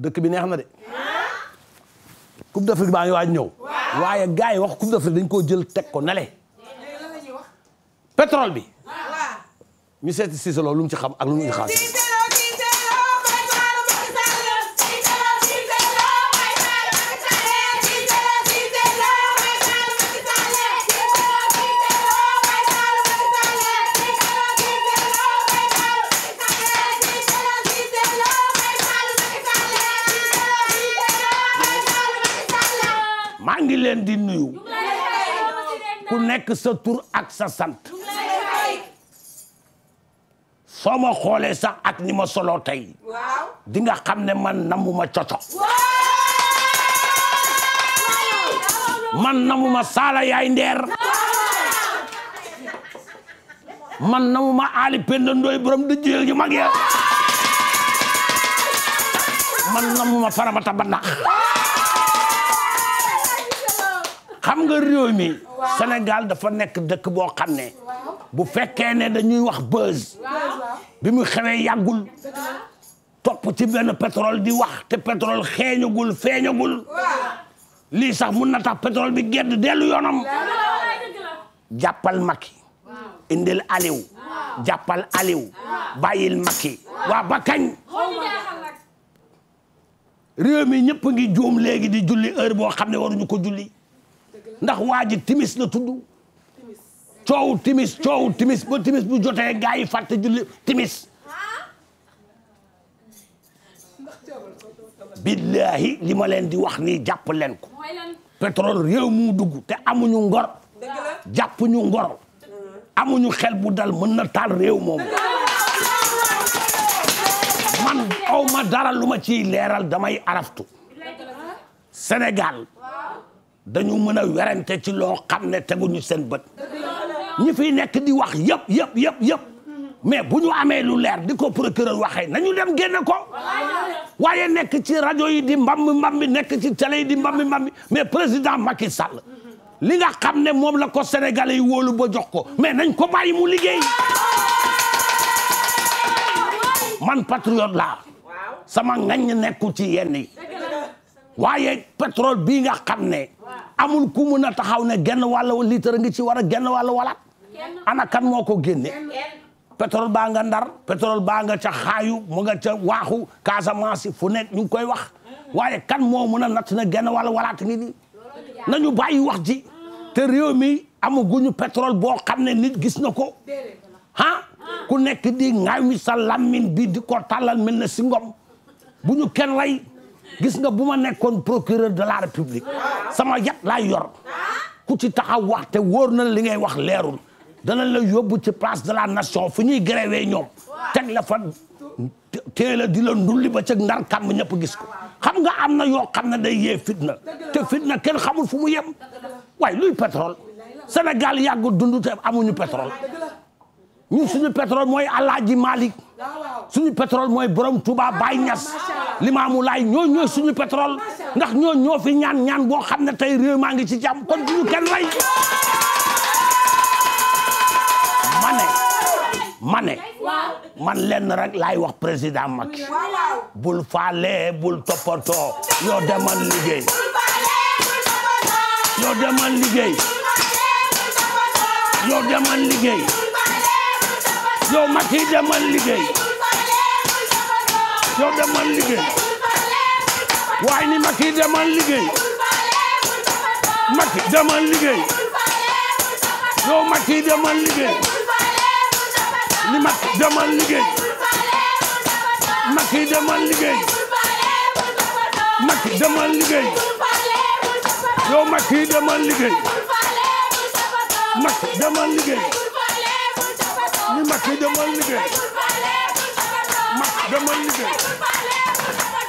dëkk bi neex na de. coupe d'Afrique baa ngi waaj ñëw. waaye gars yi wax coupe d'Afrique dañ koo jël teg ko nale. pétrole bi. ñu seeti Cissé Lo lu mu ci xam ak lu mu ci xaas. ngi leen di nuyu nekk sa tur ak sa sant soo ma xoolee sax ak ni ma soloo tey di xam ne man namuma coco man namuma saala yaay nder man namuma ali penda ndoy borom di jël yu mag ya man namuma xam nga réew mi Sénégal dafa nekk dëkk boo xam ne bu fekkee ne dañuy wax buzz bi mu xewee yàggul topp ci benn pétrole di wax te pétrole xeeñagul feeñagul lii sax mun na tax pétrole bi gedd dellu yoonam jàppal Macky indil Aliou jàppal Aliou bàyyil Macky waa ba kañ réew mi ñëpp ngi juum léegi di julli heure boo xam ne waruñu ko julli ndax waa ji timis la tudd coow timis coow timis ba timis bu jotee gaa yi fàtte julli timis billahi li leen di wax ni jàpp leen ko pétrole réew mu dugg te amuñu ngor jàpp ñu ngor amuñu xel bu dal mën na taal réew moomu man aw ma dara lu ma ci leeral damay araftu senegal dañu mën a werante ci loo xam ne tegu ñu seen bët ñu fiy nekk di wax yëpp yëpp yëpp yëpp mais bu ñu amee lu leer di ko procureur waxee nañu dem génne ko waaye nekk ci rajo yi di mbambi mbambi nekk ci télé yi di mbambi mbambi mais président Macky Sall li nga xam ne moom la ko sénégalais yi wóolu ba jox ko mais nañ ko bàyyi mu liggéey man patriote laa sama ngañ nekku ci yenn yi waaye pétrole bii nga xam ne amul ku mun a taxaw ne genn wàll litre ngi ci war a genn wàll walaat ana kan moo ko génne pétrole baa nga ndar pétrole baa nga ca xaayu mu nga ca waaxu Casamance fu ne ñu ngi koy wax waaye kan moo mun a natt na genn wàll walaat ngi nii nañu bàyyi wax ji te réew mi amaguñu pétrole boo xam ne nit gis na ko ah ku nekk di ŋaawi sa lammin bi di ko tàllal mel na si ngom bu ñu kenn lay gis nga bu ma nekkoon procureur de la république sama yat laa yor ku ci taxaw wax te wóor na li ngay wax leerul dana la yóbbu ci place de la nation fu ñuy gréwee ñoom teg la fa teel a di la ndulli ba ca ndar kàmm ñëpp gis ko xam nga am na yoo xam ne day yee fitna te fitna kenn xamul fu mu yem waaye luy pétrole Sénégal yàgg dund te amuñu petrol ñun suñu pétrole mooy Alaaji Malick suñu pétrole mooy borom Touba Baye ñas Limaamu Laay ñoo ñooy suñu pétrole ndax ñoo fi ñaan ñaan boo xam ne tey réew maa ngi ci jàmm kon duñu kenn rey ma ne man lenn rek laay wax président Macky bul faale bul toppatoo yoo demal liggéey yoo demal liggéey yo demal liggéey yoo liggéey yoo demal liggéey waaye ni Macky demal liggéey Macky demal liggéey yow Macky demal liggéey ni Macky demal liggéey Macky demal liggéey Macky demal liggéey yow Macky demal liggéey Macky demal liggéey ni Macky demal liggéey Macky demal liggéey